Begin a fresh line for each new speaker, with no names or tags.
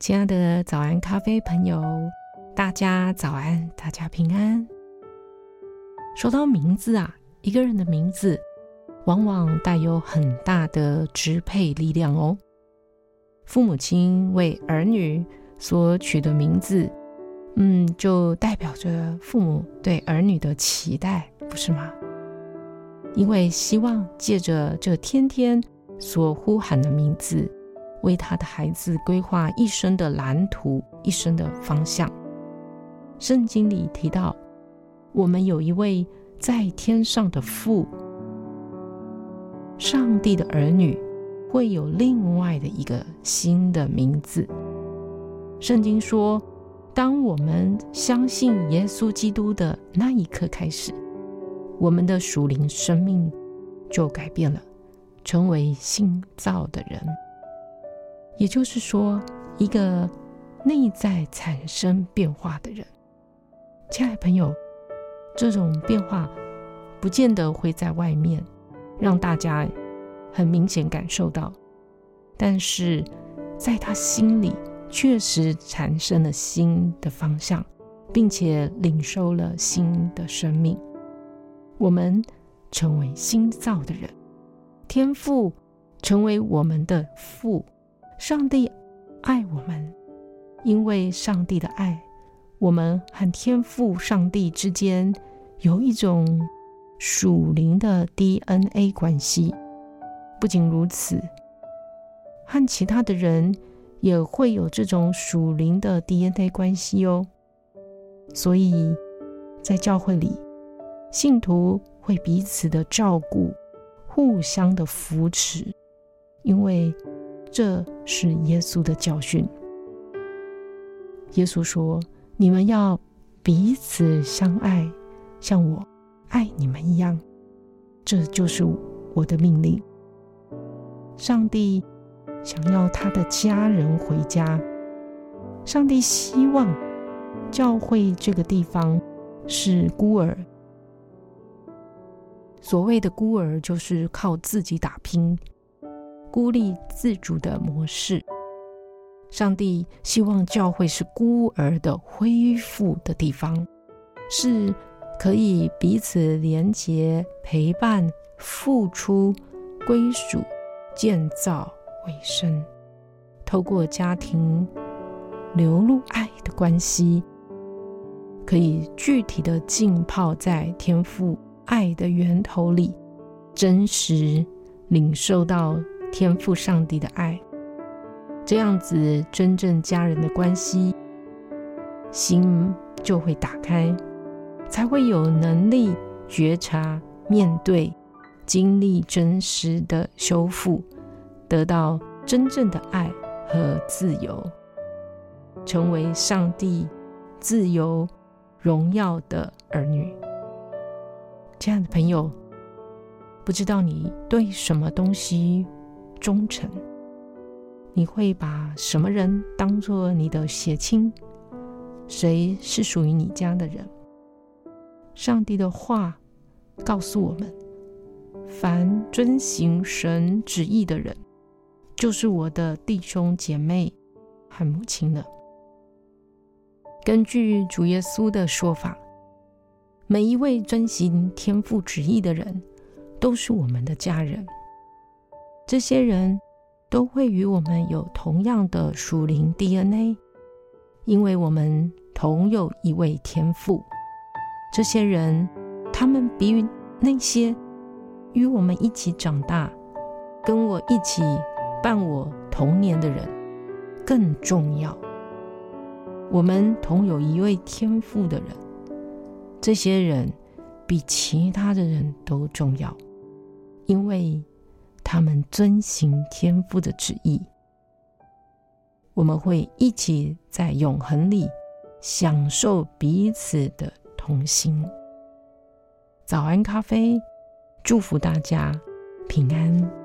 親愛的早安咖啡朋友，大家早安，大家平安。說到名字啊，一個人的名字往往帶有很大的支配力量哦。父母親為兒女所取的名字，嗯，就代表着父母對兒女的期待，不是嗎？因為希望借着這天天所呼喊的名字。為他的孩子規劃一生的藍圖，一生的方向。聖經裡提到，我們有一位在天上的父，上帝的兒女會有另外的一個新的名字。聖經說，當我們相信耶穌基督的那一刻開始，我們的屬靈生命就改變了，成為新造的人。也就是說，一個內在產生變化的人，親愛的朋友，這種變化不見得會在外面讓大家很明顯感受到，但是在他心裡確實產生了新的方向，並且領受了新的生命。我們成為新造的人，天父成為我們的父。上帝愛我們，因為上帝的愛，我們和天父上帝之間有一種屬靈的 DNA 關係。不僅如此，和其他的人也會有這種屬靈的 DNA 關係哦。所以，在教會裡，信徒會彼此的照顧，互相的扶持，因為。這是耶穌的教訓。耶穌說：“你們要彼此相愛，像我愛你們一樣，這就是我的命令。”上帝想要他的家人回家。上帝希望教會這個地方是孤兒。所謂的孤兒，就是靠自己打拼。孤立自主的模式，上帝希望教會是孤兒的恢復的地方，是可以彼此連結、陪伴、付出、歸屬、建造、委身，透過家庭流入愛的關係，可以具體的浸泡在天父愛的源頭裡，真實領受到。天賦上帝的愛，這樣子真正家人的關係，心就會打開，才會有能力覺察、面對、經歷真實的修復，得到真正的愛和自由，成為上帝自由榮耀的兒女。親愛的朋友，不知道你對什麼東西？忠誠，你會把什麼人當做你的血親？誰是屬於你家的人？上帝的話告訴我們：凡遵行神旨意的人，就是我的弟兄姐妹和母親了。根據主耶穌的說法，每一位遵行天父旨意的人，都是我們的家人。這些人都會與我們有同樣的屬靈 DNA，因為我們同有一位天父。這些人，他們比那些與我們一起長大、跟我一起伴我童年的人更重要。我們同有一位天父的人，這些人比其他的人都重要，因為，他們遵行天父的旨意，我們會一起在永恆裡享受彼此的同心。早安咖啡，祝福大家平安。